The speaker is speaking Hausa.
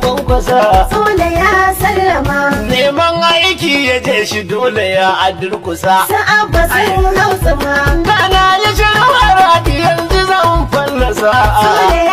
kwankwasa Sole ya sallama Neman aiki ya je shi dole ya adurkusa Sa'an sun hausa ma Kana ya shawara yanzu zan fallasa Sule